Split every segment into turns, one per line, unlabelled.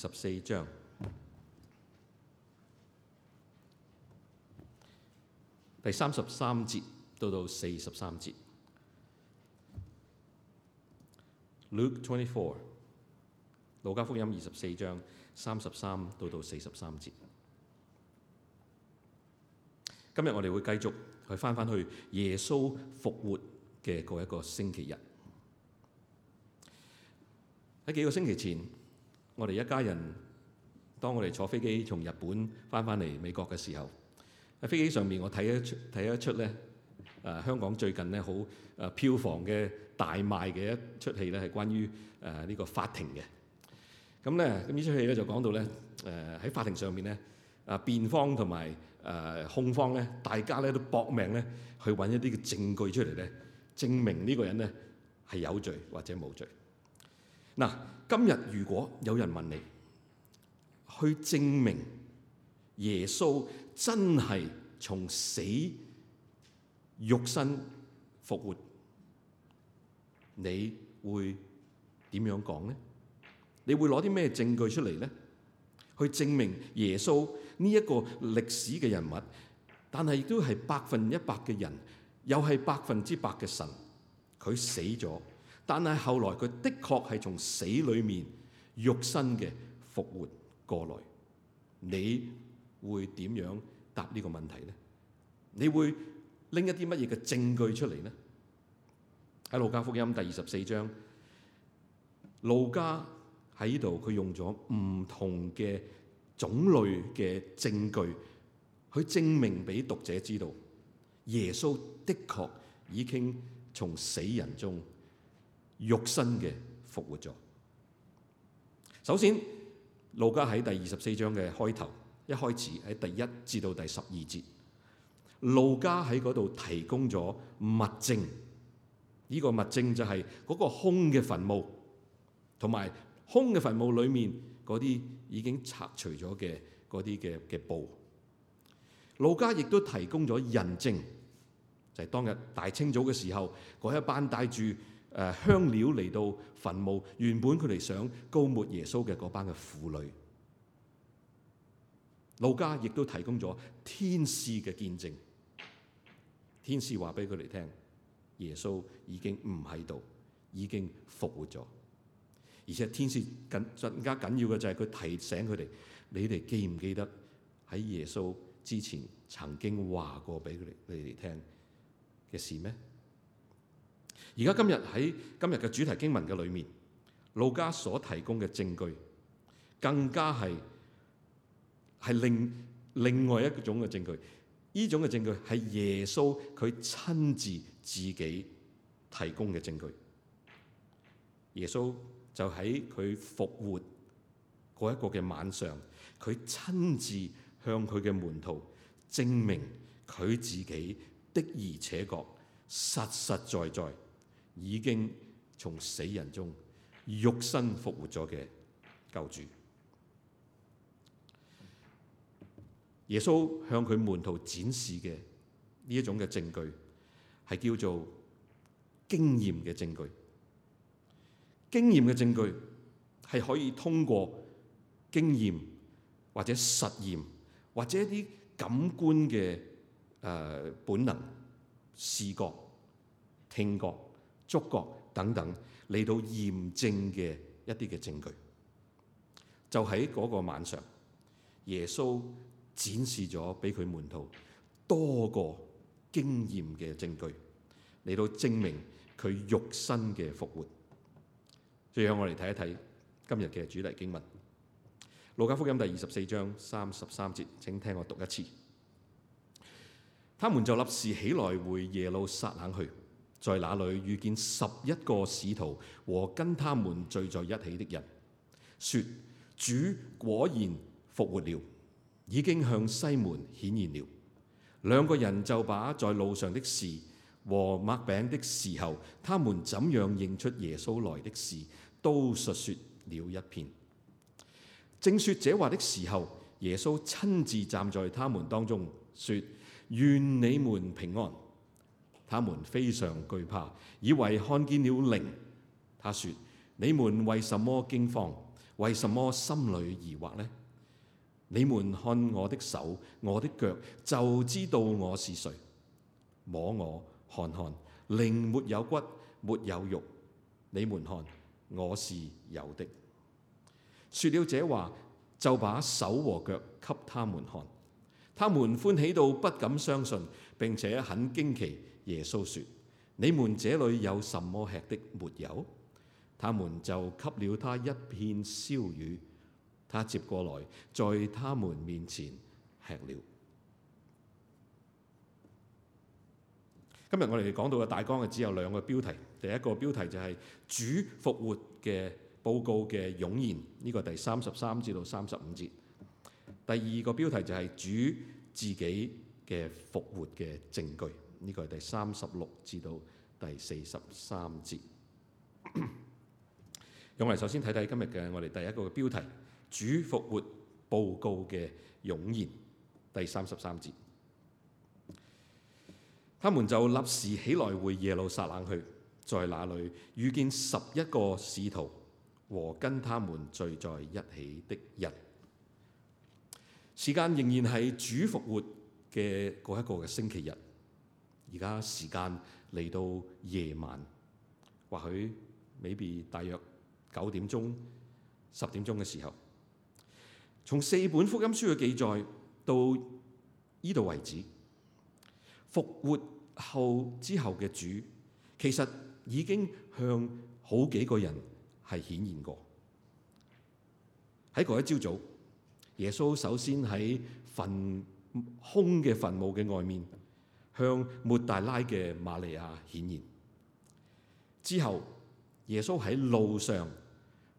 十四章第三十三節到到四十三節，Luke twenty four，路加福音二十四章三十三到到四十三節。今日我哋會繼續去返返去耶穌復活嘅嗰一個星期日。喺幾個星期前。我哋一家人，當我哋坐飛機從日本翻返嚟美國嘅時候，喺飛機上面我睇一出睇一出咧，啊、呃、香港最近咧好啊票房嘅大賣嘅一出戲咧，係關於誒呢個法庭嘅。咁咧咁呢出戲咧就講到咧誒喺法庭上面咧啊辯方同埋誒控方咧，大家咧都搏命咧去揾一啲嘅證據出嚟咧，證明呢個人咧係有罪或者冇罪。嗱，今日如果有人問你，去證明耶穌真係從死肉身復活，你會點樣講呢？你會攞啲咩證據出嚟呢？去證明耶穌呢一個歷史嘅人物，但係亦都係百分一百嘅人，又係百分之百嘅神，佢死咗。但係後來佢的確係從死裡面肉身嘅復活過來。你會點樣答呢個問題呢？你會拎一啲乜嘢嘅證據出嚟呢？喺路加福音第二十四章，路加喺度佢用咗唔同嘅種類嘅證據去證明俾讀者知道，耶穌的確已經從死人中。肉身嘅復活咗。首先，路加喺第二十四章嘅開頭一開始喺第一至到，到第十二節，路加喺嗰度提供咗物證。呢、這個物證就係嗰個空嘅墳墓，同埋空嘅墳墓裡面嗰啲已經拆除咗嘅嗰啲嘅嘅布。路加亦都提供咗人證，就係、是、當日大清早嘅時候，嗰一班帶住。誒香料嚟到墳墓，原本佢哋想膏抹耶穌嘅嗰班嘅婦女，路加亦都提供咗天使嘅見證。天使話俾佢哋聽，耶穌已經唔喺度，已經復活咗。而且天使緊更加緊要嘅就係佢提醒佢哋，你哋記唔記得喺耶穌之前曾經話過俾佢哋你哋聽嘅事咩？而家今日喺今日嘅主題經文嘅裏面，路加所提供嘅證據更加係係另另外一種嘅證據。呢種嘅證據係耶穌佢親自自己提供嘅證據。耶穌就喺佢復活嗰一個嘅晚上，佢親自向佢嘅門徒證明佢自己，的而且確，實實在在。已經從死人中肉身復活咗嘅救主，耶穌向佢門徒展示嘅呢一種嘅證據係叫做經驗嘅證據。經驗嘅證據係可以通過經驗或者實驗或者一啲感官嘅誒本能、視覺、聽覺、觸覺等等嚟到驗證嘅一啲嘅證據，就喺嗰個晚上，耶穌展示咗俾佢門徒多個經驗嘅證據，嚟到證明佢肉身嘅復活。最後我嚟睇一睇今日嘅主題經文《路加福音》第二十四章三十三節，請聽我讀一次。他們就立時起來，回耶路撒冷去。在那裏遇見十一個使徒和跟他們聚在一起的人，說：主果然復活了，已經向西門顯現了。兩個人就把在路上的事和擘餅的時候，他們怎樣認出耶穌來的事，都述説了一遍。正說這話的時候，耶穌親自站在他們當中，說：願你們平安。他們非常懼怕，以為看見了靈。他說：你們為什麼驚慌？為什麼心裏疑惑呢？你們看我的手、我的腳，就知道我是誰。摸我看看，靈沒有骨，沒有肉。你們看，我是有的。說了這話，就把手和腳給他們看。他們歡喜到不敢相信，並且很驚奇。耶穌說：你們這裏有什麼吃的沒有？他們就給了他一片燒魚。他接過來，在他們面前吃了。今日我哋講到嘅大綱係只有兩個標題。第一個標題就係主復活嘅報告嘅湧現，呢、這個是第三十三至到三十五節。第二個標題就係主自己嘅復活嘅證據。呢、這個係第三十六至到第四十三節。咁我哋首先睇睇今日嘅我哋第一個嘅標題：主復活報告嘅湧現，第三十三節。他們就立時起來回耶路撒冷去，在那裡遇見十一個使徒和跟他們聚在一起的人。時間仍然係主復活嘅嗰一個嘅星期日。而家時間嚟到夜晚，或許 maybe 大約九點鐘、十點鐘嘅時候，從四本福音書嘅記載到依度為止，復活後之後嘅主其實已經向好幾個人係顯現過。喺嗰一朝早，早，耶穌首先喺墳空嘅墳墓嘅外面。向抹大拉嘅瑪利亞顯現之後，耶穌喺路上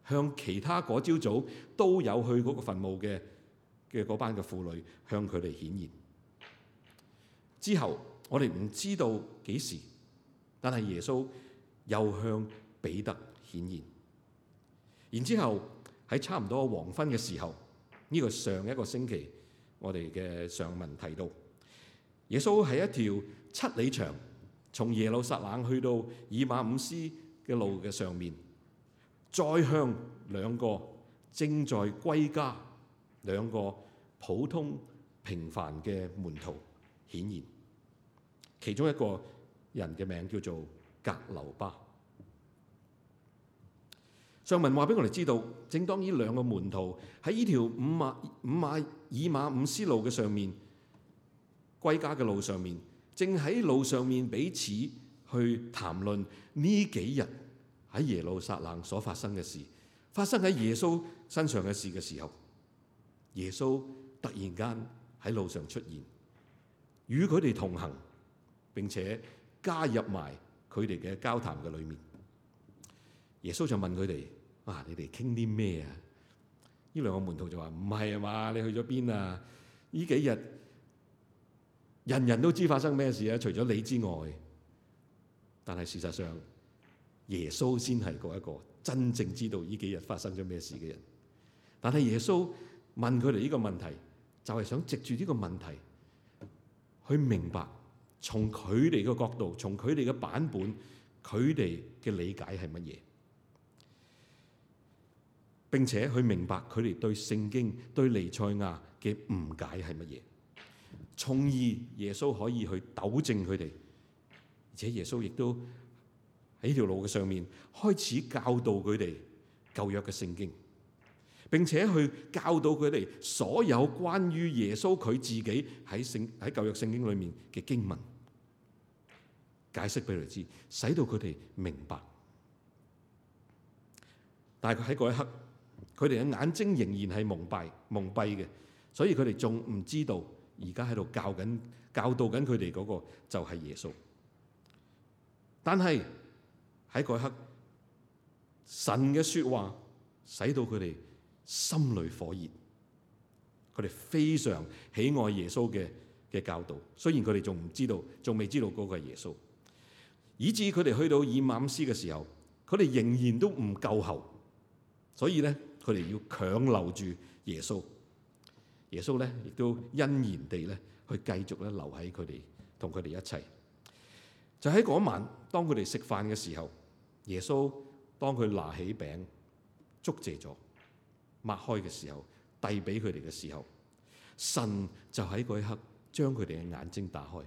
向其他嗰朝早都有去嗰個墳墓嘅嘅嗰班嘅婦女向佢哋顯現之後，我哋唔知道幾時，但係耶穌又向彼得顯現，然之後喺差唔多黃昏嘅時候，呢、這個上一個星期我哋嘅上文提到。耶穌喺一條七里長，從耶路撒冷去到以馬五斯嘅路嘅上面，再向兩個正在歸家兩個普通平凡嘅門徒顯現。其中一個人嘅名叫做格流巴。上文話俾我哋知道，正當呢兩個門徒喺呢條五馬五馬以馬五斯路嘅上面，歸家嘅路上面，正喺路上面彼此去談論呢幾日喺耶路撒冷所發生嘅事，發生喺耶穌身上嘅事嘅時候，耶穌突然間喺路上出現，與佢哋同行並且加入埋佢哋嘅交談嘅裏面。耶穌就問佢哋：啊，你哋傾啲咩啊？呢兩個門徒就話：唔係啊嘛，你去咗邊啊？呢幾日。人人都知發生咩事啊！除咗你之外，但係事實上，耶穌先係嗰一個真正知道呢幾日發生咗咩事嘅人。但係耶穌問佢哋呢個問題，就係想藉住呢個問題，去明白從佢哋嘅角度、從佢哋嘅版本、佢哋嘅理解係乜嘢，並且去明白佢哋對聖經、對彌賽亞嘅誤解係乜嘢。從而耶穌可以去糾正佢哋，而且耶穌亦都喺條路嘅上面開始教導佢哋舊約嘅聖經，並且去教導佢哋所有關於耶穌佢自己喺聖喺舊約聖經裏面嘅經文，解釋俾佢哋知，使到佢哋明白。但係喺嗰一刻，佢哋嘅眼睛仍然係蒙蔽、蒙蔽嘅，所以佢哋仲唔知道。而家喺度教緊、教導緊佢哋嗰個就係耶穌。但係喺嗰刻，神嘅説話使到佢哋心裏火熱，佢哋非常喜愛耶穌嘅嘅教導。雖然佢哋仲唔知道、仲未知道嗰個係耶穌，以至佢哋去到以馬忤斯嘅時候，佢哋仍然都唔夠喉，所以咧佢哋要強留住耶穌。耶穌咧，亦都欣然地咧，去繼續咧留喺佢哋，同佢哋一齊。就喺嗰晚，當佢哋食飯嘅時候，耶穌當佢拿起餅，祝謝咗，擘開嘅時候，遞俾佢哋嘅時候，神就喺嗰一刻將佢哋嘅眼睛打開，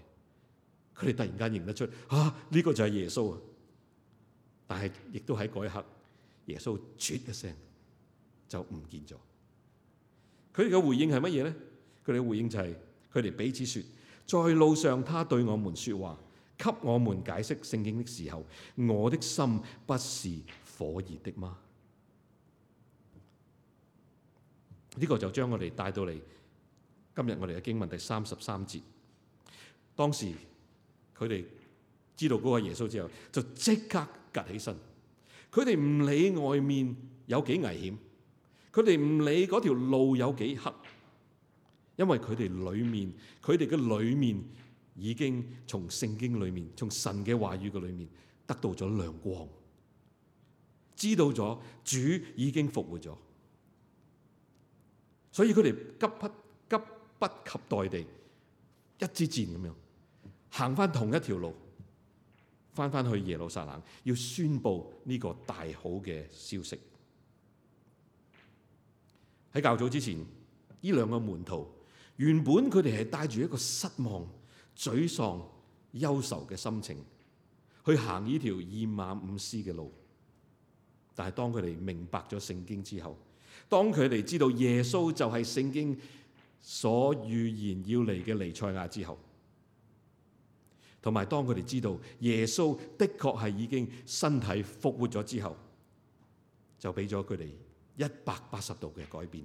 佢哋突然間認得出，啊呢個就係耶穌啊！但係亦都喺嗰一刻，耶穌啜一聲就唔見咗。佢哋嘅回應係乜嘢咧？佢哋嘅回應就係佢哋彼此説，在路上他對我們説話，給我們解釋聖經的時候，我的心不是火熱的嗎？呢個就將我哋帶到嚟今日我哋嘅經文第三十三節。當時佢哋知道嗰個耶穌之後，就即刻趷起身。佢哋唔理外面有幾危險。佢哋唔理嗰條路有幾黑，因為佢哋裏面，佢哋嘅裏面已經從聖經裏面，從神嘅話語嘅裏面得到咗亮光，知道咗主已經復活咗，所以佢哋急不急不及待地一支箭咁樣行翻同一條路，翻翻去耶路撒冷，要宣布呢個大好嘅消息。喺較早之前，呢兩個門徒原本佢哋係帶住一個失望、沮喪、憂愁嘅心情去行呢條以馬忤斯嘅路。但係當佢哋明白咗聖經之後，當佢哋知道耶穌就係聖經所預言要嚟嘅彌賽亞之後，同埋當佢哋知道耶穌的確係已經身體復活咗之後，就俾咗佢哋一百八十度嘅改變。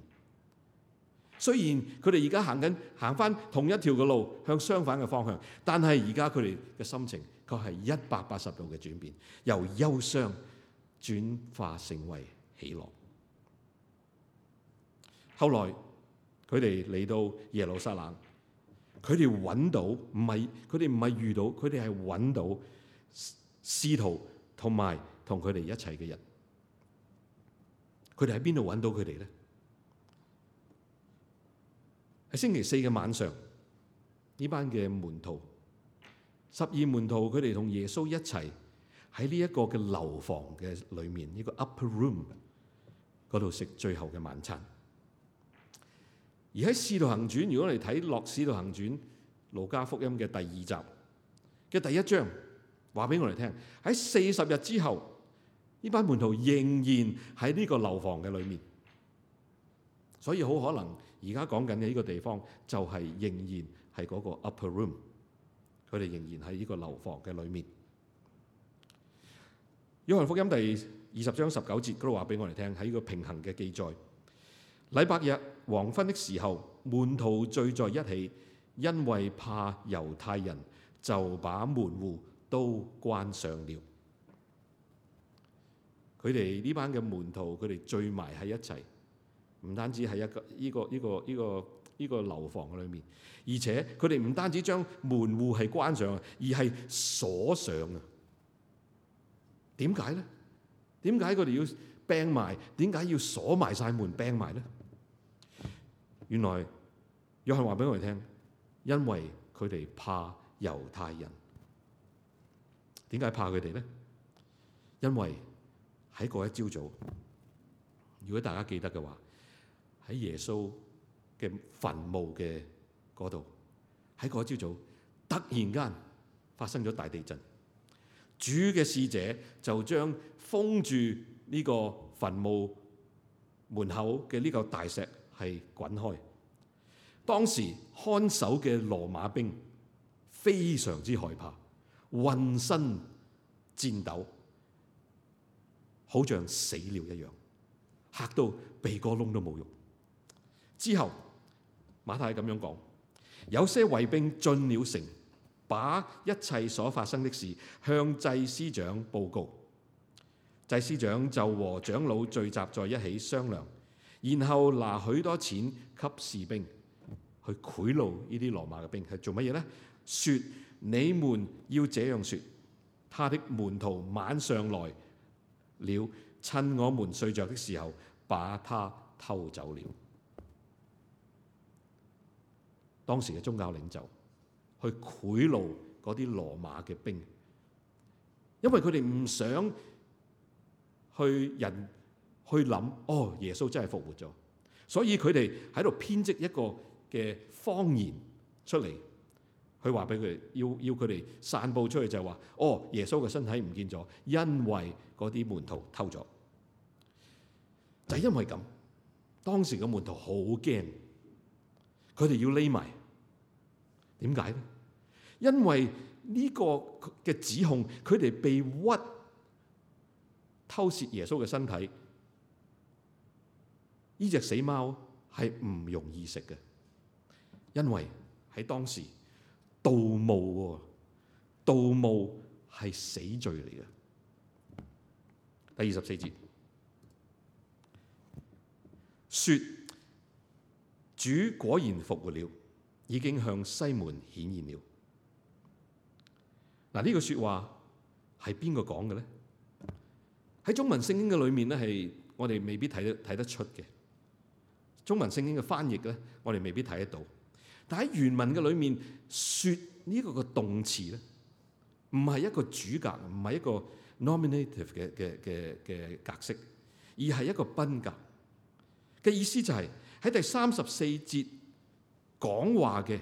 雖然佢哋而家行緊行翻同一條嘅路，向相反嘅方向，但係而家佢哋嘅心情卻係一百八十度嘅轉變，由憂傷轉化成為喜樂。後來佢哋嚟到耶路撒冷，佢哋揾到，唔係，佢哋唔係遇到，佢哋係揾到司徒同埋同佢哋一齊嘅人。佢哋喺邊度揾到佢哋咧？喺星期四嘅晚上，呢班嘅門徒，十二門徒，佢哋同耶穌一齊喺呢一個嘅樓房嘅裏面，呢個 upper room 嗰度食最後嘅晚餐。而喺《使徒行傳》，如果我哋睇《諾斯道行傳》、《路加福音》嘅第二集嘅第一章，話俾我哋聽喺四十日之後。呢班門徒仍然喺呢個樓房嘅裏面，所以好可能而家講緊嘅呢個地方就係仍然係嗰個 upper room，佢哋仍然喺呢個樓房嘅裏面。約翰福音第二十章十九節，佢話俾我哋聽喺呢個平行嘅記載。禮拜日黃昏的時候，門徒聚在一起，因為怕猶太人，就把門戶都關上了。佢哋呢班嘅門徒，佢哋聚埋喺一齊，唔單止係一個呢、這個呢、這個呢、這個呢、這個樓房裏面，而且佢哋唔單止將門戶係關上，而係鎖上啊！點解咧？點解佢哋要閉埋？點解要鎖埋晒門閉埋咧？原來約翰話俾我哋聽，因為佢哋怕猶太人。點解怕佢哋咧？因為喺嗰一朝早，如果大家記得嘅話，喺耶穌嘅墳墓嘅嗰度，喺嗰一朝早，突然間發生咗大地震，主嘅使者就將封住呢個墳墓門口嘅呢嚿大石係滾開。當時看守嘅羅馬兵非常之害怕，渾身顫抖。好像死了一樣，嚇到鼻哥窿都冇用。之後，馬太咁樣講：「有些衞兵進了城，把一切所發生的事向祭司長報告。祭司長就和長老聚集在一起商量，然後拿許多錢給士兵去賄賂呢啲羅馬嘅兵，係做乜嘢呢？説你們要這樣説，他的門徒晚上來。了，趁我們睡着的時候，把它偷走了。當時嘅宗教領袖去賄賂嗰啲羅馬嘅兵，因為佢哋唔想去人去諗，哦，耶穌真係復活咗，所以佢哋喺度編織一個嘅謊言出嚟。佢話俾佢，要要佢哋散佈出去，就係話，哦，耶穌嘅身體唔見咗，因為嗰啲門徒偷咗，就係因為咁，當時嘅門徒好驚，佢哋要匿埋，點解咧？因為呢個嘅指控，佢哋被屈偷竊耶穌嘅身體，呢隻死貓係唔容易食嘅，因為喺當時。盜墓喎，盜墓係死罪嚟嘅。第二十四節說，主果然復活了，已經向西門顯現了。嗱，呢個說話係邊個講嘅呢？喺中文聖經嘅裏面呢，係我哋未必睇得睇得出嘅。中文聖經嘅翻譯咧，我哋未必睇得到。但喺原文嘅裏面，說呢個嘅動詞咧，唔係一個主格，唔係一個 nominative 嘅嘅嘅嘅格式，而係一個賓格嘅意思就係、是、喺第三十四節講話嘅，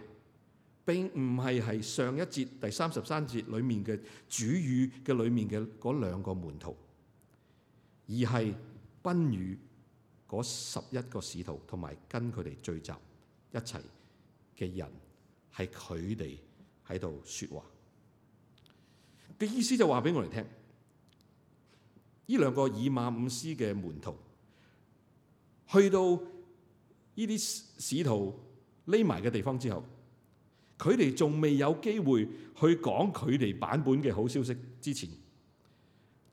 並唔係係上一節第三十三節裏面嘅主語嘅裏面嘅嗰兩個門徒，而係賓語嗰十一個使徒同埋跟佢哋聚集一齊嘅人係佢哋喺度說話嘅意思就話俾我哋聽，呢兩個以馬忤斯嘅門徒去到呢啲使徒匿埋嘅地方之後，佢哋仲未有機會去講佢哋版本嘅好消息之前，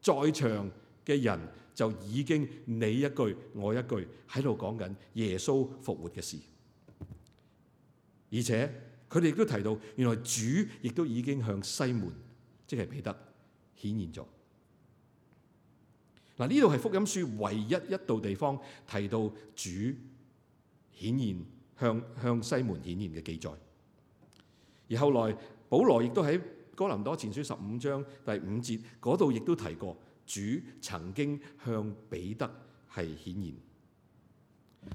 在場嘅人就已經你一句我一句喺度講緊耶穌復活嘅事。而且佢哋亦都提到，原來主亦都已經向西門，即係彼得顯現咗。嗱，呢度係福音書唯一一度地方提到主顯現向向西門顯現嘅記載。而後來保羅亦都喺哥林多前書十五章第五節嗰度亦都提過，主曾經向彼得係顯現。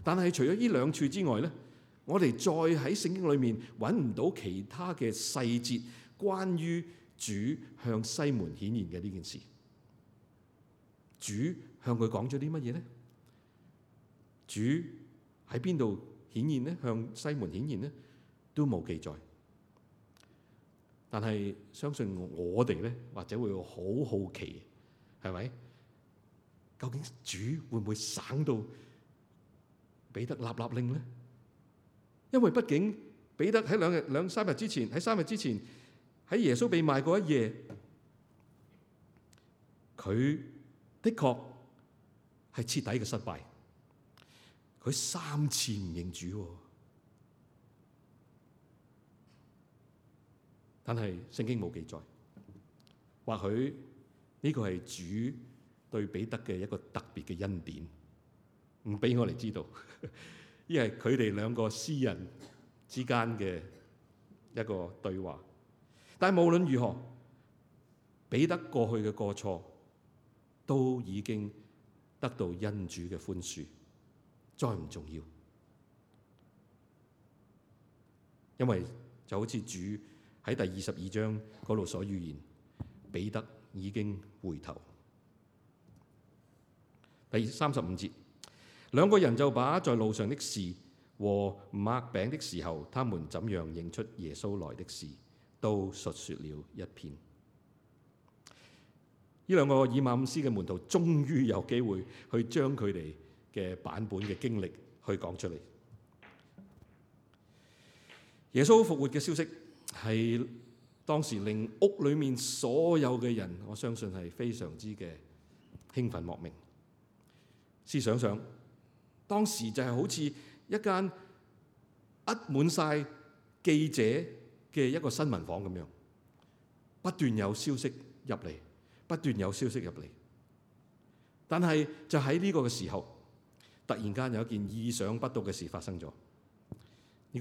但係除咗呢兩處之外咧，我哋再喺聖經裏面揾唔到其他嘅細節，關於主向西門顯現嘅呢件事，主向佢講咗啲乜嘢咧？主喺邊度顯現咧？向西門顯現咧，都冇記載。但係相信我哋咧，或者會好好奇，係咪？究竟主會唔會省到彼得立立令咧？因為畢竟彼得喺兩日兩三日之前，喺三日之前，喺耶穌被賣嗰一夜，佢的確係徹底嘅失敗。佢三次唔認主啊，但係聖經冇記載，或許呢個係主對彼得嘅一個特別嘅恩典，唔俾我哋知道。呢係佢哋兩個私人之間嘅一個對話，但係無論如何，彼得過去嘅過錯都已經得到恩主嘅寬恕，再唔重要，因為就好似主喺第二十二章嗰度所預言，彼得已經回頭，第三十五節。兩個人就把在路上的事和擘餅的時候，他們怎樣認出耶穌來的事，都述説了一遍。呢兩個以馬忤斯嘅門徒，終於有機會去將佢哋嘅版本嘅經歷去講出嚟。耶穌復活嘅消息係當時令屋裏面所有嘅人，我相信係非常之嘅興奮莫名。試想想。當時就係好似一間壓滿晒記者嘅一個新聞房咁樣，不斷有消息入嚟，不斷有消息入嚟。但係就喺呢個嘅時候，突然間有一件意想不到嘅事發生咗。呢、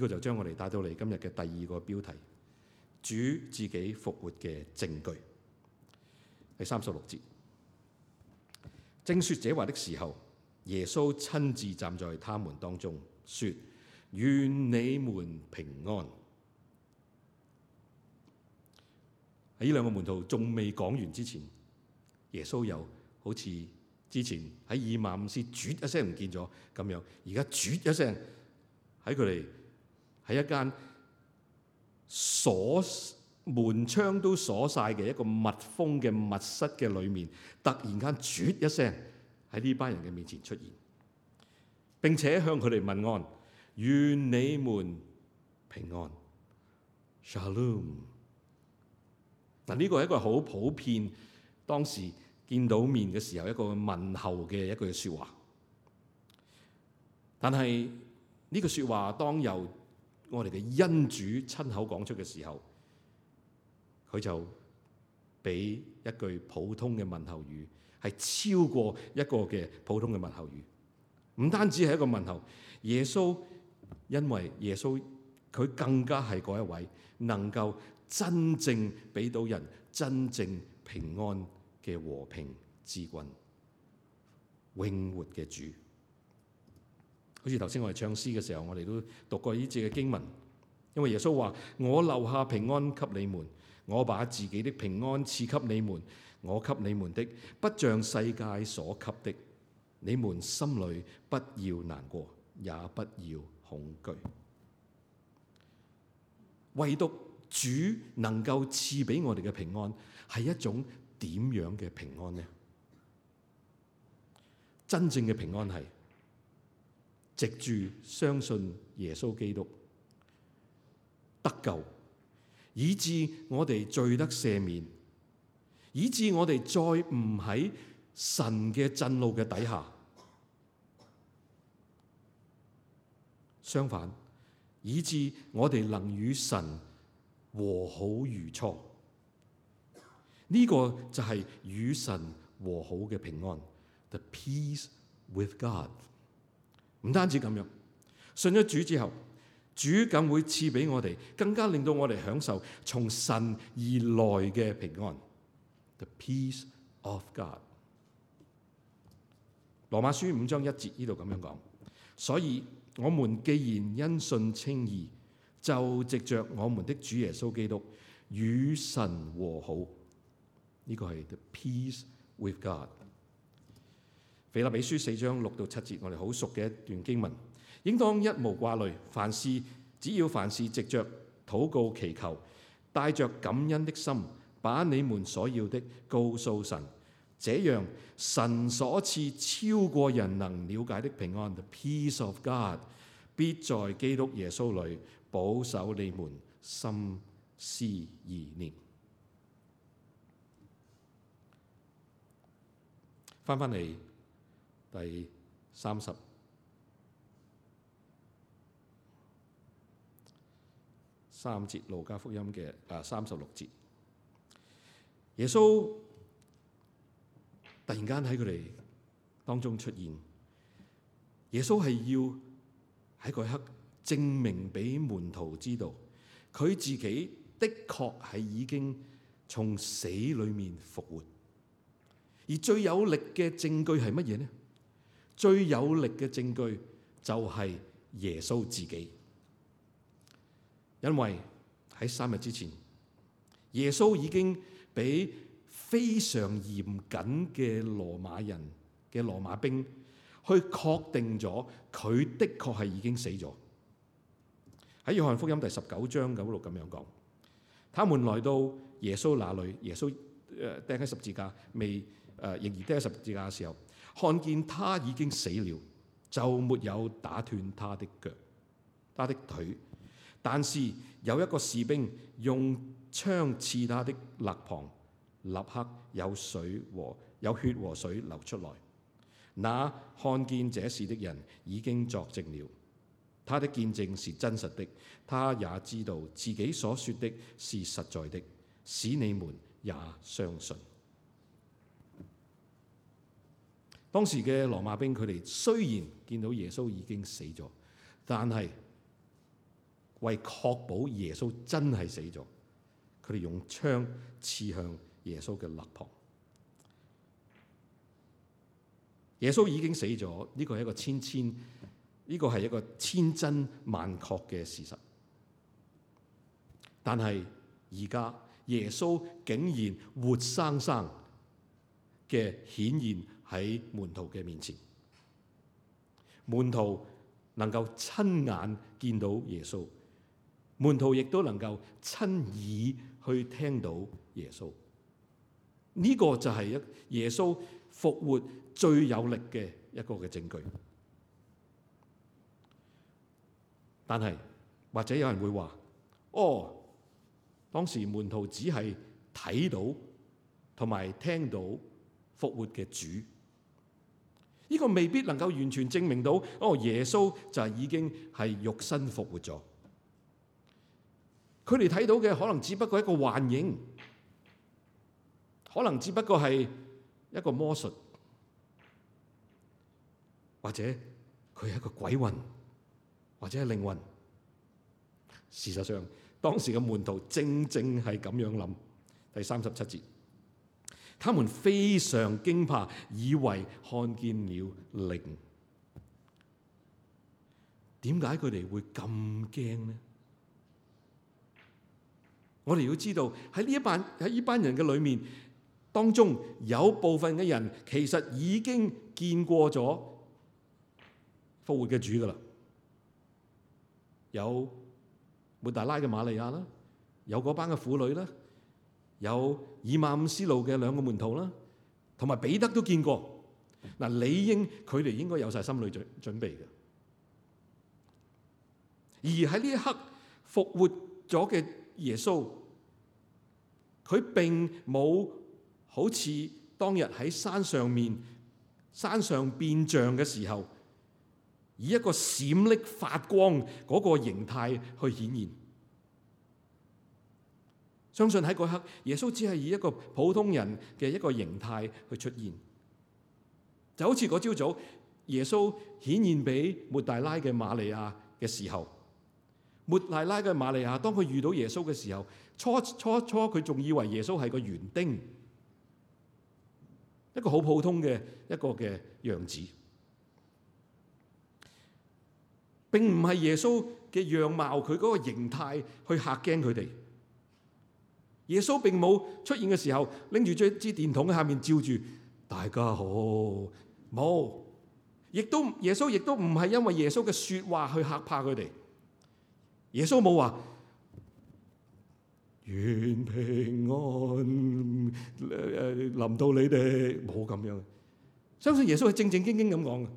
這個就將我哋帶到嚟今日嘅第二個標題：主自己復活嘅證據。第三十六節，正説這話的時候。耶穌親自站在他們當中，說：願你們平安。喺呢兩個門徒仲未講完之前，耶穌又好似之前喺以馬忤斯啜一聲唔見咗咁樣，而家啜一聲喺佢哋喺一間鎖門窗都鎖晒嘅一個密封嘅密室嘅裏面，突然間啜一聲。喺呢班人嘅面前出現，並且向佢哋問安願你們平安。Shalom。嗱，呢個係一個好普遍，當時見到面嘅時候一個問候嘅一句説話。但係呢句説話當由我哋嘅恩主親口講出嘅時候，佢就俾一句普通嘅問候語。係超過一個嘅普通嘅問候語，唔單止係一個問候。耶穌，因為耶穌，佢更加係嗰一位能夠真正俾到人真正平安嘅和平之君，永活嘅主。好似頭先我哋唱詩嘅時候，我哋都讀過呢節嘅經文，因為耶穌話：我留下平安給你們，我把自己的平安賜給你們。我給你們的，不像世界所給的。你們心裏不要難過，也不要恐懼。唯獨主能夠賜俾我哋嘅平安，係一種點樣嘅平安呢？真正嘅平安係藉住相信耶穌基督得救，以致我哋罪得赦免。以致我哋再唔喺神嘅震怒嘅底下，相反，以致我哋能與神和好如初。呢個就係與神和好嘅平安，the peace with God。唔單止咁樣，信咗主之後，主更會賜俾我哋，更加令到我哋享受從神而來嘅平安。The peace of God. 羅馬書五章一節，呢度咁樣講，所以我們既然因信稱義，就藉着我們的主耶穌基督與神和好。呢、這個係 the peace with God. 腓立比書四章六到七節，我哋好熟嘅一段經文，應當一無掛慮，凡事只要凡事藉着禱告祈求，帶着感恩的心。把你們所要的告訴神，這樣神所賜超過人能了解的平安，the peace of God 必在基督耶穌裏保守你們心思意念。翻翻嚟第三十三節，路加福音嘅啊三十六節。耶穌突然間喺佢哋當中出現，耶穌係要喺嗰一刻證明俾門徒知道，佢自己的確係已經從死裏面復活。而最有力嘅證據係乜嘢呢？最有力嘅證據就係耶穌自己，因為喺三日之前，耶穌已經俾非常嚴謹嘅羅馬人嘅羅馬兵去確定咗佢的確係已經死咗。喺《約翰福音》第十九章嗰度咁樣講，他們來到耶穌那裡，耶穌釘喺十字架未誒、呃、仍然釘喺十字架嘅時候，看見他已經死了，就沒有打斷他的腳、他的腿。但是有一個士兵用槍刺他的肋旁，立刻有水和有血和水流出來。那看見這事的人已經作證了，他的見證是真實的。他也知道自己所說的是實在的，使你們也相信。當時嘅羅馬兵，佢哋雖然見到耶穌已經死咗，但係為確保耶穌真係死咗。佢哋用槍刺向耶穌嘅肋旁，耶穌已經死咗，呢個係一個千千，呢個係一個千真萬確嘅事實。但係而家耶穌竟然活生生嘅顯現喺門徒嘅面前，門徒能夠親眼見到耶穌，門徒亦都能夠親耳。去聽到耶穌，呢個就係一耶穌復活最有力嘅一個嘅證據。但係或者有人會話：「哦，當時門徒只係睇到同埋聽到復活嘅主，呢個未必能夠完全證明到，哦，耶穌就係已經係肉身復活咗。佢哋睇到嘅可能只不過一個幻影，可能只不過係一個魔術，或者佢係一個鬼魂，或者係靈魂。事實上，當時嘅門徒正正係咁樣諗。第三十七節，他們非常驚怕，以為看見了靈。點解佢哋會咁驚呢？我哋要知道喺呢一班喺呢班人嘅裏面，當中有部分嘅人其實已經見過咗復活嘅主㗎喇，有抹大拉嘅瑪利亞啦，有嗰班嘅婦女啦，有以馬忤斯路嘅兩個門徒啦，同埋彼得都見過。嗱，理應佢哋應該有晒心理準準備嘅，而喺呢一刻復活咗嘅。耶穌佢並冇好似當日喺山上面山上變像嘅時候，以一個閃爍發光嗰個形態去顯現。相信喺嗰刻，耶穌只係以一個普通人嘅一個形態去出現，就好似嗰朝早耶穌顯現俾抹大拉嘅瑪利亞嘅時候。抹大拉嘅瑪利亞，當佢遇到耶穌嘅時候，初初初佢仲以為耶穌係個園丁，一個好普通嘅一個嘅樣子，並唔係耶穌嘅樣貌，佢嗰個形態去嚇驚佢哋。耶穌並冇出現嘅時候，拎住一支電筒喺下面照住，大家好，冇，亦都耶穌亦都唔係因為耶穌嘅說話去嚇怕佢哋。耶穌冇話願平安誒誒，臨到你哋冇咁樣，相信耶穌係正正經經咁講嘅。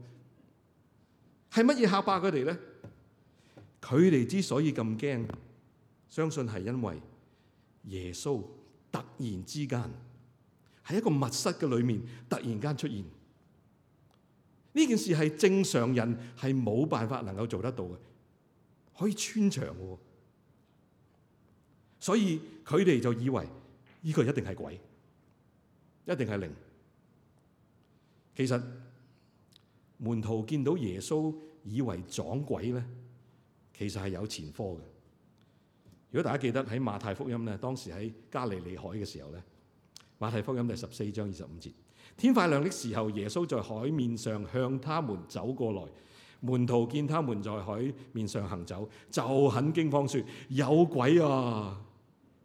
係乜嘢吓怕佢哋咧？佢哋之所以咁驚，相信係因為耶穌突然之間喺一個密室嘅裏面突然間出現。呢件事係正常人係冇辦法能夠做得到嘅。可以穿牆嘅，所以佢哋就以為呢個一定係鬼，一定係靈。其實門徒見到耶穌以為撞鬼咧，其實係有前科嘅。如果大家記得喺馬太福音咧，當時喺加利利海嘅時候咧，馬太福音第十四章二十五節，天快亮的時候，耶穌在海面上向他們走過來。門徒見他們在海面上行走，就很驚慌，說：有鬼啊！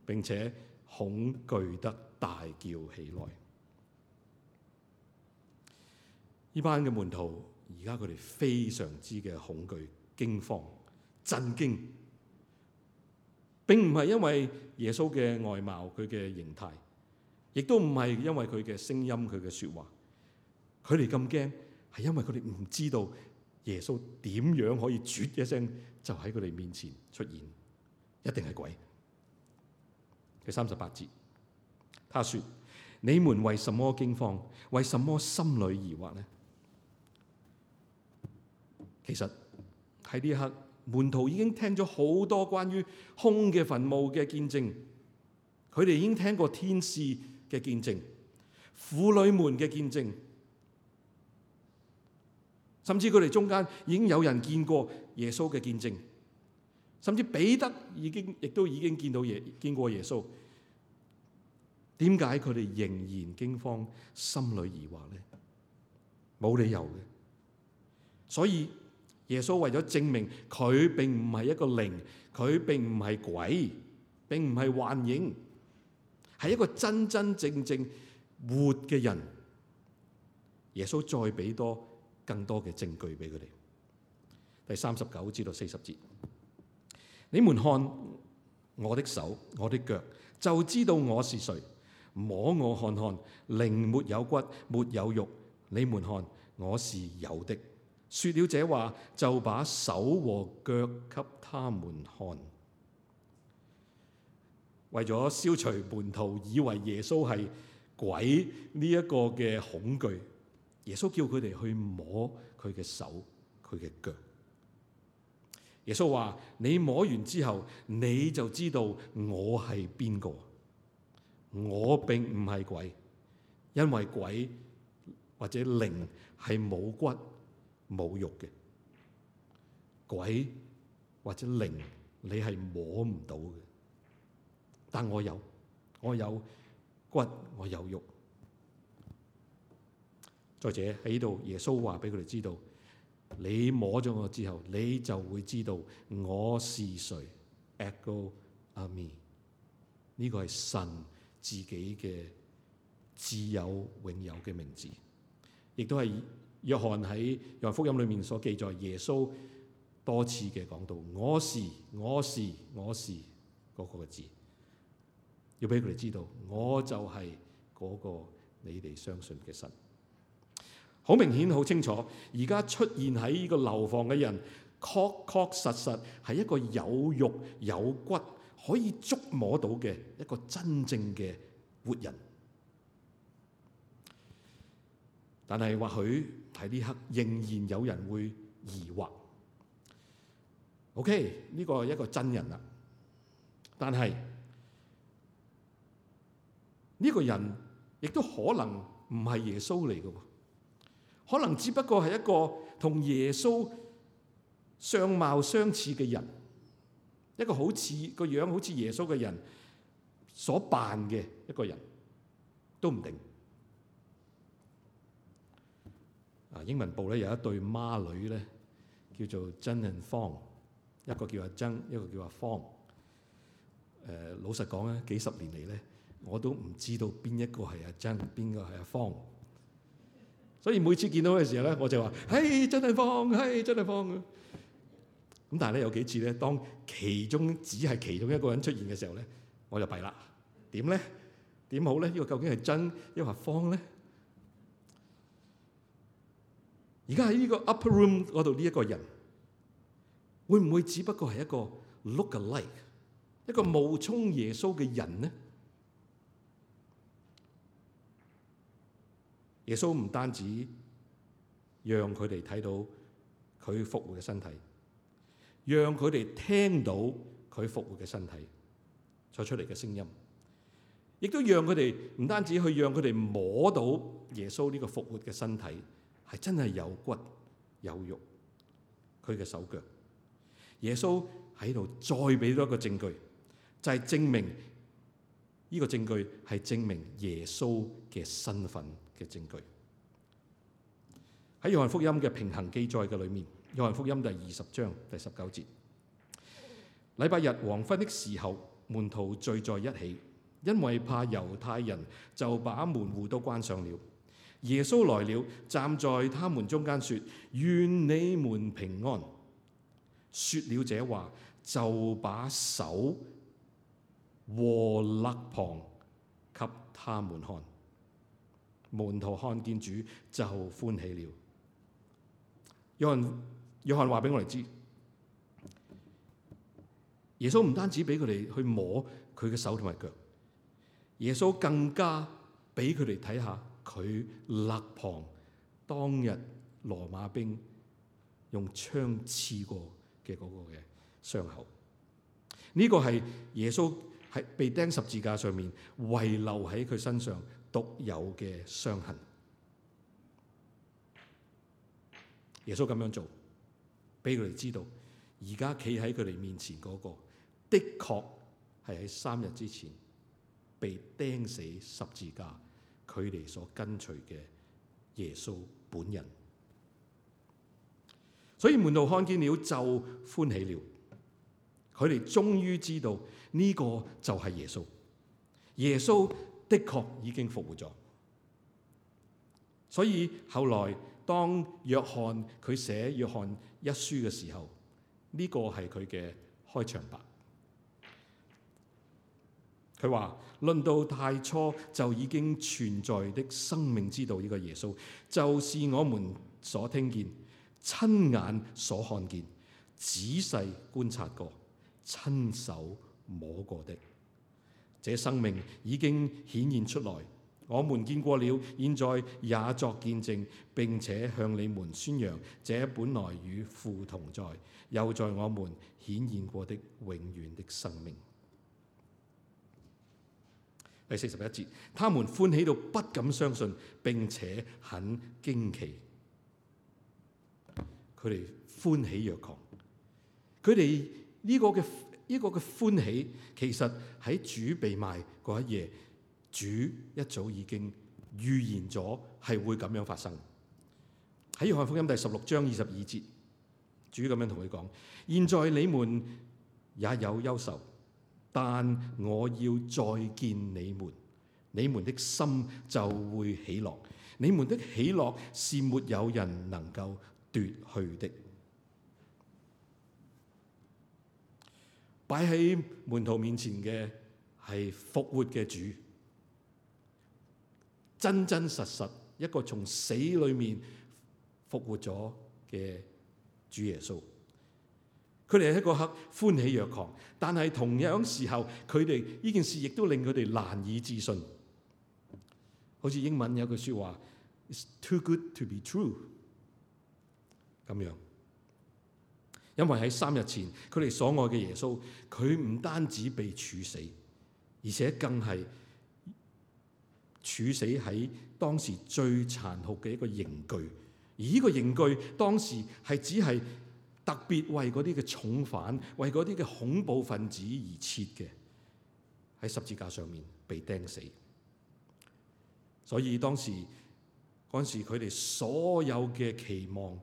並且恐懼得大叫起來。呢班嘅門徒而家佢哋非常之嘅恐懼、驚慌、震驚，並唔係因為耶穌嘅外貌佢嘅形態，亦都唔係因為佢嘅聲音佢嘅說話，佢哋咁驚係因為佢哋唔知道。耶穌點樣可以絕一聲就喺佢哋面前出現？一定係鬼。第三十八節，他說：你們為什麼驚慌？為什麼心裏疑惑呢？其實喺呢一刻，門徒已經聽咗好多關於空嘅墳墓嘅見證，佢哋已經聽過天使嘅見證、婦女們嘅見證。甚至佢哋中間已經有人見過耶穌嘅見證，甚至彼得已經亦都已經見到耶見過耶穌。點解佢哋仍然驚慌，心裏疑惑呢？冇理由嘅。所以耶穌為咗證明佢並唔係一個靈，佢並唔係鬼，並唔係幻影，係一個真真正正活嘅人。耶穌再俾多。更多嘅證據俾佢哋。第三十九至到四十節，你們看我的手、我的腳，就知道我是誰。摸我看看，靈沒有骨，沒有肉。你們看，我是有的。說了這話，就把手和腳給他們看，為咗消除門徒以為耶穌係鬼呢一個嘅恐懼。耶穌叫佢哋去摸佢嘅手、佢嘅腳。耶穌話：「你摸完之後，你就知道我係邊個。我並唔係鬼，因為鬼或者靈係冇骨冇肉嘅。鬼或者靈你係摸唔到嘅。但我有，我有骨，我有肉。再者喺度，耶穌話俾佢哋知道：你摸咗我之後，你就會知道我是誰。Ego Eimi 呢個係神自己嘅自有永有嘅名字，亦都係約翰喺約翰福音裡面所記載耶穌多次嘅講到我是我是我是嗰個字，要俾佢哋知道我就係嗰個你哋相信嘅神。好明顯、好清楚，而家出現喺呢個樓房嘅人，確確實實係一個有肉有骨、可以觸摸到嘅一個真正嘅活人。但係或許喺呢刻仍然有人會疑惑。OK，呢個係一個真人啦，但係呢個人亦都可能唔係耶穌嚟嘅喎。可能只不過係一個同耶穌相貌相似嘅人，一個好似個樣好似耶穌嘅人所扮嘅一個人，都唔定。啊，英文部咧有一對孖女咧，叫做曾和芳，一個叫阿曾，一個叫阿方。誒、呃，老實講咧，幾十年嚟咧，我都唔知道邊一個係阿曾，邊個係阿方。所以每次見到嘅時候咧，我就話：唉，真係方，唉，真係方。咁但係咧，有幾次咧，當其中只係其中一個人出現嘅時候咧，我就弊啦。點咧？點好咧？呢個究竟係真，抑或方咧？而家喺呢個 upper room 嗰度呢一個人，會唔會只不過係一個 look alike，一個冒充耶穌嘅人咧？耶穌唔單止讓佢哋睇到佢復活嘅身體，讓佢哋聽到佢復活嘅身體所出嚟嘅聲音，亦都讓佢哋唔單止去讓佢哋摸到耶穌呢個復活嘅身體，係真係有骨有肉，佢嘅手腳。耶穌喺度再俾多一個證據，就係、是、證明呢、這個證據係證明耶穌嘅身份。嘅證據喺《約翰福音》嘅平衡記載嘅裏面，《約翰福音》第二十章第十九節：禮拜日黃昏的時候，門徒聚在一起，因為怕猶太人，就把門戶都關上了。耶穌來了，站在他們中間，說：願你們平安！說了這話，就把手和肋旁給他們看。門徒看見主，就歡喜了。約翰約翰話俾我哋知，耶穌唔單止俾佢哋去摸佢嘅手同埋腳，耶穌更加俾佢哋睇下佢肋旁，當日羅馬兵用槍刺過嘅嗰個嘅傷口。呢、這個係耶穌喺被釘十字架上面遺留喺佢身上獨有嘅傷痕，耶穌咁樣做，俾佢哋知道，而家企喺佢哋面前嗰個的確係喺三日之前被釘死十字架，佢哋所跟隨嘅耶穌本人。所以門徒看見了就歡喜了，佢哋終於知道呢個就係耶穌，耶穌，的確已經復活咗，所以後來當約翰佢寫約翰一書嘅時候，呢個係佢嘅開場白。佢話，論到太初就已經存在的生命之道，呢個耶穌，就是我們所聽見、親眼所看見、仔細觀察過、親手摸過的。這生命已經顯現出來，我們見過了，現在也作見證，並且向你們宣揚這本來與父同在、又在我們顯現過的永遠的生命。第四十一節，他們歡喜到不敢相信，並且很驚奇，佢哋歡喜若狂，佢哋呢個嘅。呢個嘅歡喜其實喺主被賣嗰一夜，主一早已經預言咗係會咁樣發生。喺《約翰福音》第十六章二十二節，主咁樣同佢講：現在你們也有憂愁，但我要再見你們，你們的心就會喜樂。你們的喜樂是沒有人能夠奪去的。擺喺門徒面前嘅係復活嘅主，真真實實一個從死裏面復活咗嘅主耶穌。佢哋係一個刻歡喜若狂，但係同樣時候，佢哋呢件事亦都令佢哋難以置信。好似英文有句說話，It's too good to be true，咁樣。因為喺三日前，佢哋所愛嘅耶穌，佢唔單止被處死，而且更係處死喺當時最殘酷嘅一個刑具，而呢個刑具當時係只係特別為嗰啲嘅重犯、為嗰啲嘅恐怖分子而設嘅，喺十字架上面被釘死。所以當時嗰陣時，佢哋所有嘅期望。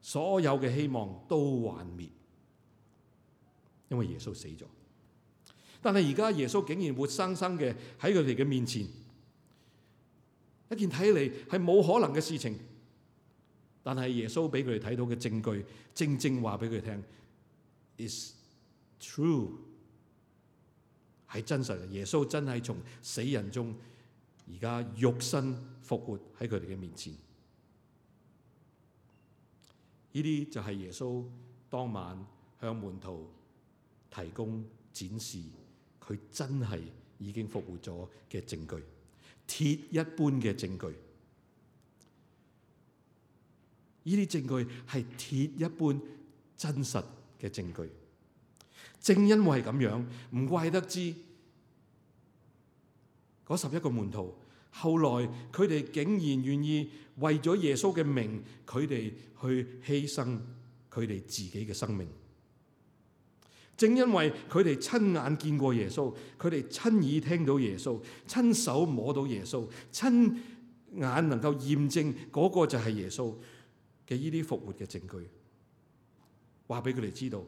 所有嘅希望都幻滅，因為耶穌死咗。但係而家耶穌竟然活生生嘅喺佢哋嘅面前，一件睇嚟係冇可能嘅事情。但係耶穌俾佢哋睇到嘅證據，正正話俾佢哋聽，is true 係真實嘅。耶穌真係從死人中而家肉身復活喺佢哋嘅面前。呢啲就係耶穌當晚向門徒提供展示佢真係已經復活咗嘅證據，鐵一般嘅證據。呢啲證據係鐵一般真實嘅證據。正因為係咁樣，唔怪得知嗰十一個門徒，後來佢哋竟然願意為咗耶穌嘅名，佢哋去犧牲佢哋自己嘅生命。正因為佢哋親眼見過耶穌，佢哋親耳聽到耶穌，親手摸到耶穌，親眼能夠驗證嗰個就係耶穌嘅呢啲復活嘅證據，話俾佢哋知道，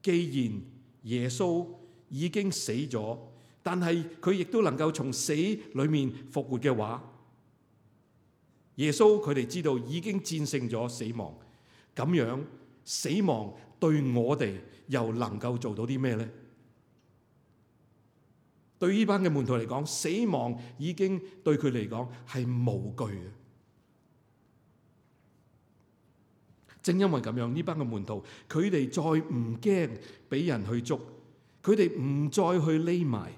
既然耶穌已經死咗，但係佢亦都能夠從死裏面復活嘅話，耶穌佢哋知道已經戰勝咗死亡。咁樣死亡對我哋又能夠做到啲咩呢？對呢班嘅門徒嚟講，死亡已經對佢嚟講係無懼嘅。正因為咁樣，呢班嘅門徒佢哋再唔驚俾人去捉，佢哋唔再去匿埋。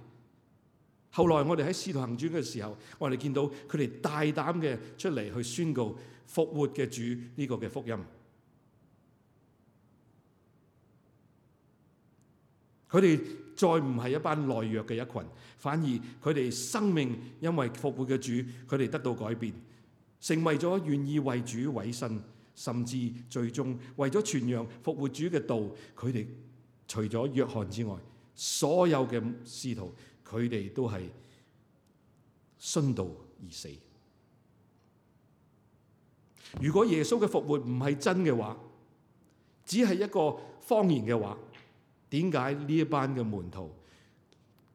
後來我哋喺使徒行傳嘅時候，我哋見到佢哋大膽嘅出嚟去宣告復活嘅主呢個嘅福音。佢哋再唔係一班懦弱嘅一群，反而佢哋生命因為復活嘅主，佢哋得到改變，成為咗願意為主委身，甚至最終為咗傳揚復活主嘅道，佢哋除咗約翰之外，所有嘅使徒，佢哋都係殉道而死。如果耶穌嘅復活唔係真嘅話，只係一個謊言嘅話，點解呢一班嘅門徒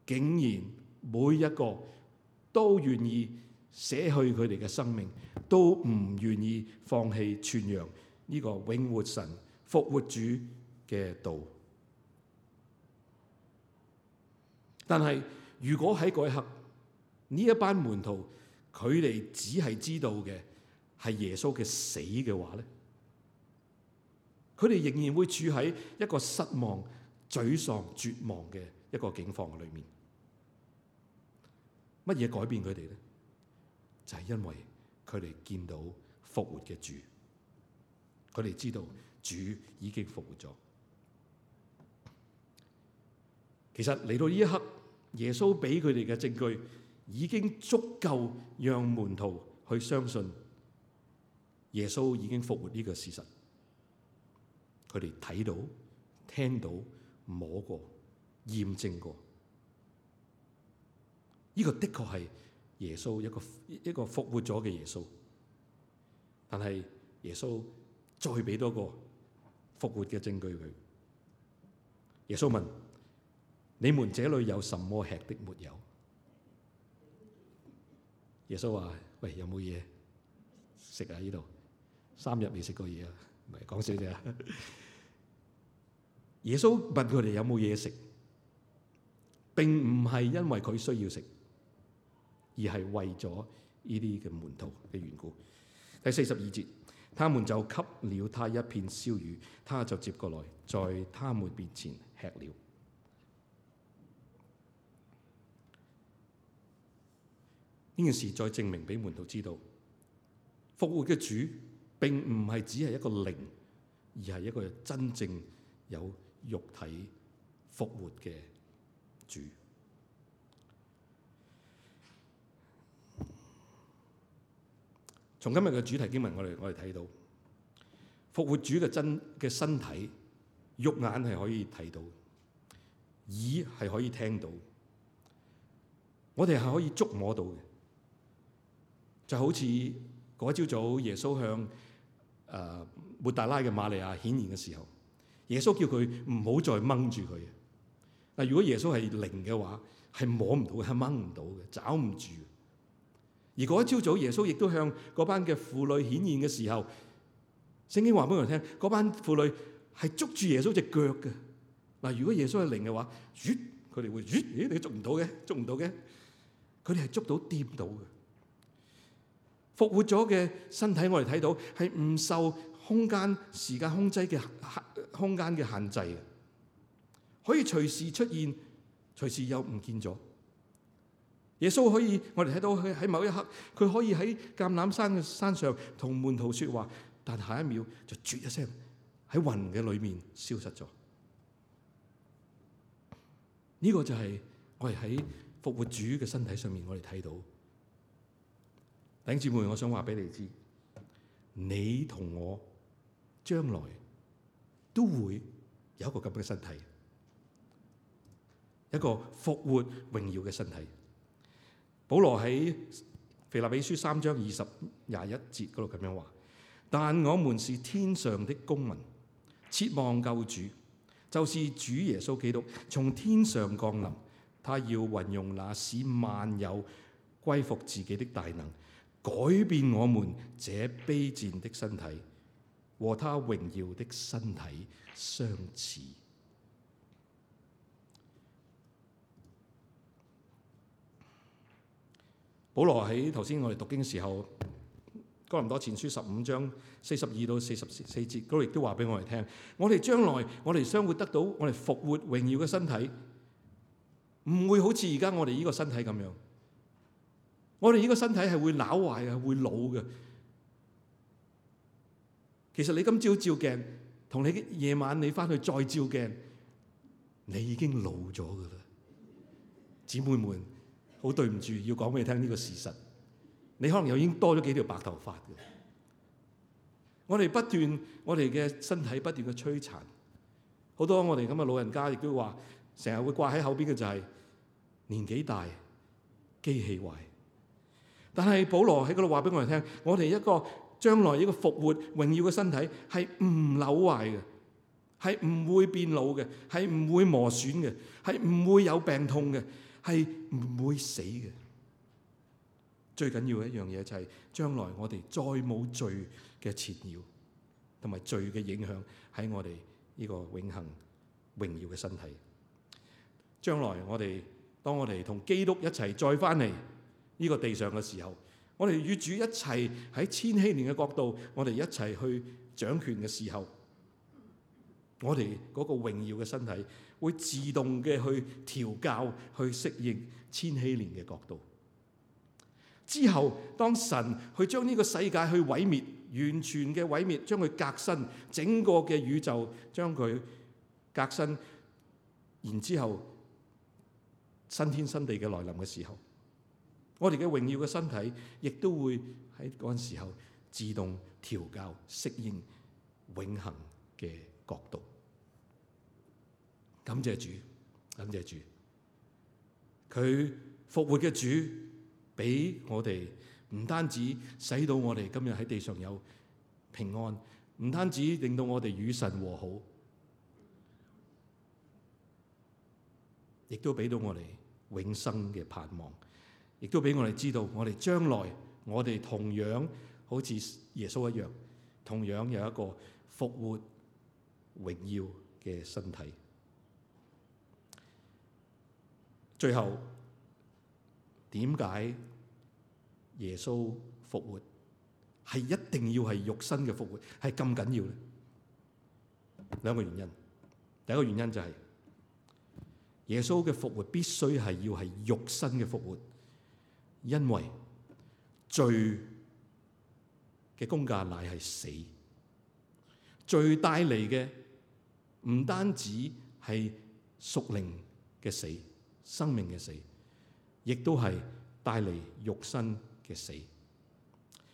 竟然每一個都願意捨去佢哋嘅生命，都唔願意放棄傳揚呢個永活神復活主嘅道？但係。如果喺嗰一刻，呢一班門徒佢哋只係知道嘅係耶穌嘅死嘅話咧，佢哋仍然會處喺一個失望、沮喪、絕望嘅一個境況裏面。乜嘢改變佢哋咧？就係、是、因為佢哋見到復活嘅主，佢哋知道主已經復活咗。其實嚟到呢一刻。耶穌俾佢哋嘅證據已經足夠讓門徒去相信耶穌已經復活呢個事實。佢哋睇到、聽到、摸過、驗證過，呢個的確係耶穌一個一個復活咗嘅耶穌。但係耶穌再俾多個復活嘅證據俾佢。耶穌問。你們這裏有什麼吃的沒有？耶穌話：喂，有冇嘢食呀呢度？三日未食過嘢啊！唔係講笑啫。 耶穌問佢哋有冇嘢食，並唔係因為佢需要食，而係為咗呢啲嘅門徒嘅緣故。第四十二節，他們就給了他一片燒魚，他就接過來，在他們面前吃了。呢件事再證明俾門徒知道，復活嘅主並唔係只係一個靈，而係一個真正有肉體復活嘅主。從今日嘅主題經文我，我哋我哋睇到復活主嘅真嘅身體，肉眼係可以睇到，耳係可以聽到，我哋係可以觸摸到嘅。就好似嗰一朝早耶穌，耶穌向誒抹大拉嘅瑪利亞顯現嘅時候，耶穌叫佢唔好再掹住佢嘅。嗱，如果耶穌係靈嘅話，係摸唔到嘅，係掹唔到嘅，抓唔住。而嗰一朝早，耶穌亦都向嗰班嘅婦女顯現嘅時候，聖經話俾我哋聽，嗰班婦女係捉住耶穌隻腳嘅。嗱，如果耶穌係靈嘅話，啜佢哋會啜，咦、呃？你捉唔到嘅，捉唔到嘅，佢哋係捉到掂到嘅。復活咗嘅身體，我哋睇到係唔受空間、時間控制、控制嘅空間嘅限制嘅，可以隨時出現，隨時又唔見咗。耶穌可以，我哋睇到佢喺某一刻，佢可以喺橄欖山嘅山上同門徒說話，但下一秒就絕一聲喺雲嘅裏面消失咗。呢個就係我哋喺復活主嘅身體上面，我哋睇到。弟兄姊妹，我想話俾你知，你同我將來都會有一個咁嘅身體，一個復活榮耀嘅身體。保羅喺腓立比書三章二十廿一節嗰度咁樣話：但我們是天上的公民，切望救主，就是主耶穌基督從天上降臨，他要運用那使萬有歸服自己的大能。改變我們這卑賤的身體，和他榮耀的身體相似。保羅喺頭先我哋讀經嘅時候，《哥林多前書》十五章四十二到四十四節，佢亦都話俾我哋聽：我哋將來，我哋將會得到我哋復活榮耀嘅身體，唔會好似而家我哋呢個身體咁樣。我哋呢個身體係會攪壞嘅，會老嘅。其實你今朝照鏡，同你夜晚你翻去再照鏡，你已經老咗噶啦，姊妹們，好對唔住，要講俾你聽呢個事實。你可能又已經多咗幾條白頭髮嘅。我哋不斷，我哋嘅身體不斷嘅摧殘。好多我哋咁嘅老人家亦都話，成日會掛喺後邊嘅就係、是、年紀大，機器壞。但係保羅喺嗰度話俾我哋聽，我哋一個將來呢個復活榮耀嘅身體係唔扭壞嘅，係唔會變老嘅，係唔會磨損嘅，係唔會有病痛嘅，係唔會死嘅。最緊要嘅一樣嘢就係將來我哋再冇罪嘅纏繞，同埋罪嘅影響喺我哋呢個永恆榮耀嘅身體。將來我哋，當我哋同基督一齊再返嚟，呢個地上嘅時候，我哋與主一齊喺千禧年嘅角度，我哋一齊去掌權嘅時候，我哋嗰個榮耀嘅身體會自動嘅去調教、去適應千禧年嘅角度。之後，當神去將呢個世界去毀滅、完全嘅毀滅，將佢革新，整個嘅宇宙將佢革新。然之後新天新地嘅來臨嘅時候。我哋嘅榮耀嘅身體，亦都會喺嗰陣時候自動調校適應永恆嘅角度。感謝主，感謝主，佢復活嘅主俾我哋唔單止使到我哋今日喺地上有平安，唔單止令到我哋與神和好，亦都俾到我哋永生嘅盼望。亦都俾我哋知道，我哋將來我哋同樣好似耶穌一樣，同樣有一個復活榮耀嘅身體。最後點解耶穌復活係一定要係肉身嘅復活係咁緊要咧？兩個原因，第一個原因就係耶穌嘅復活必須係要係肉身嘅復活。因為罪嘅工價乃係死，罪帶嚟嘅唔單止係屬靈嘅死，生命嘅死，亦都係帶嚟肉身嘅死。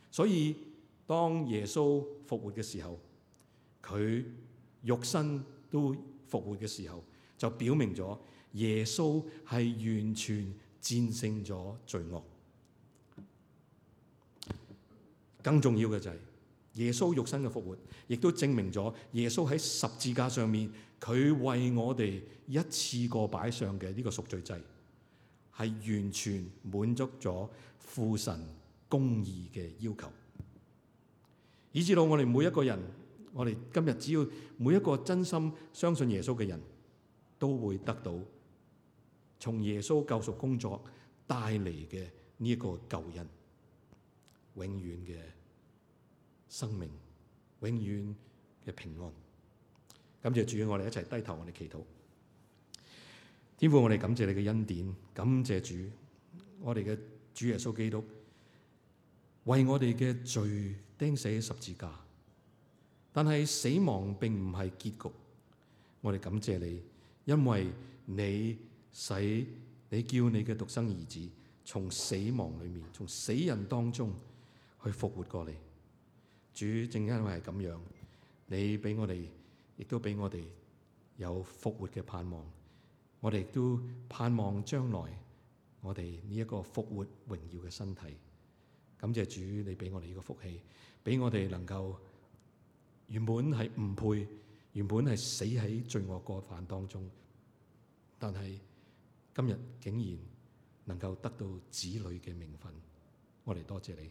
所以當耶穌復活嘅時候，佢肉身都復活嘅時候，就表明咗耶穌係完全戰勝咗罪惡。更重要嘅就係耶穌肉身嘅復活，亦都證明咗耶穌喺十字架上面，佢為我哋一次過擺上嘅呢個贖罪祭，係完全滿足咗父神公義嘅要求。以至到我哋每一個人，我哋今日只要每一個真心相信耶穌嘅人都會得到從耶穌救贖工作帶嚟嘅呢一個救恩，永遠嘅。生命永遠嘅平安，感謝主，我哋一齊低頭，我哋祈禱。天父，我哋感謝你嘅恩典，感謝主，我哋嘅主耶穌基督為我哋嘅罪釘死十字架。但係死亡並唔係結局，我哋感謝你，因為你使你叫你嘅獨生兒子從死亡裏面，從死人當中去復活過嚟。主正因為係咁樣，你俾我哋，亦都俾我哋有復活嘅盼望。我哋亦都盼望將來我哋呢一個復活榮耀嘅身體。感謝主，你俾我哋呢個福氣，俾我哋能夠原本係唔配，原本係死喺罪惡過犯當中，但係今日竟然能夠得到子女嘅名分，我哋多謝你。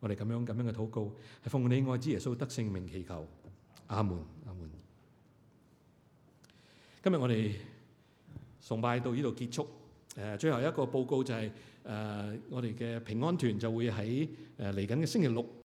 我哋咁樣咁樣嘅禱告，係奉你愛子耶穌得勝名祈求，阿門阿門。今日我哋崇拜到呢度結束，誒，最後一個報告就係誒，我哋嘅平安團就會喺誒嚟緊嘅星期六。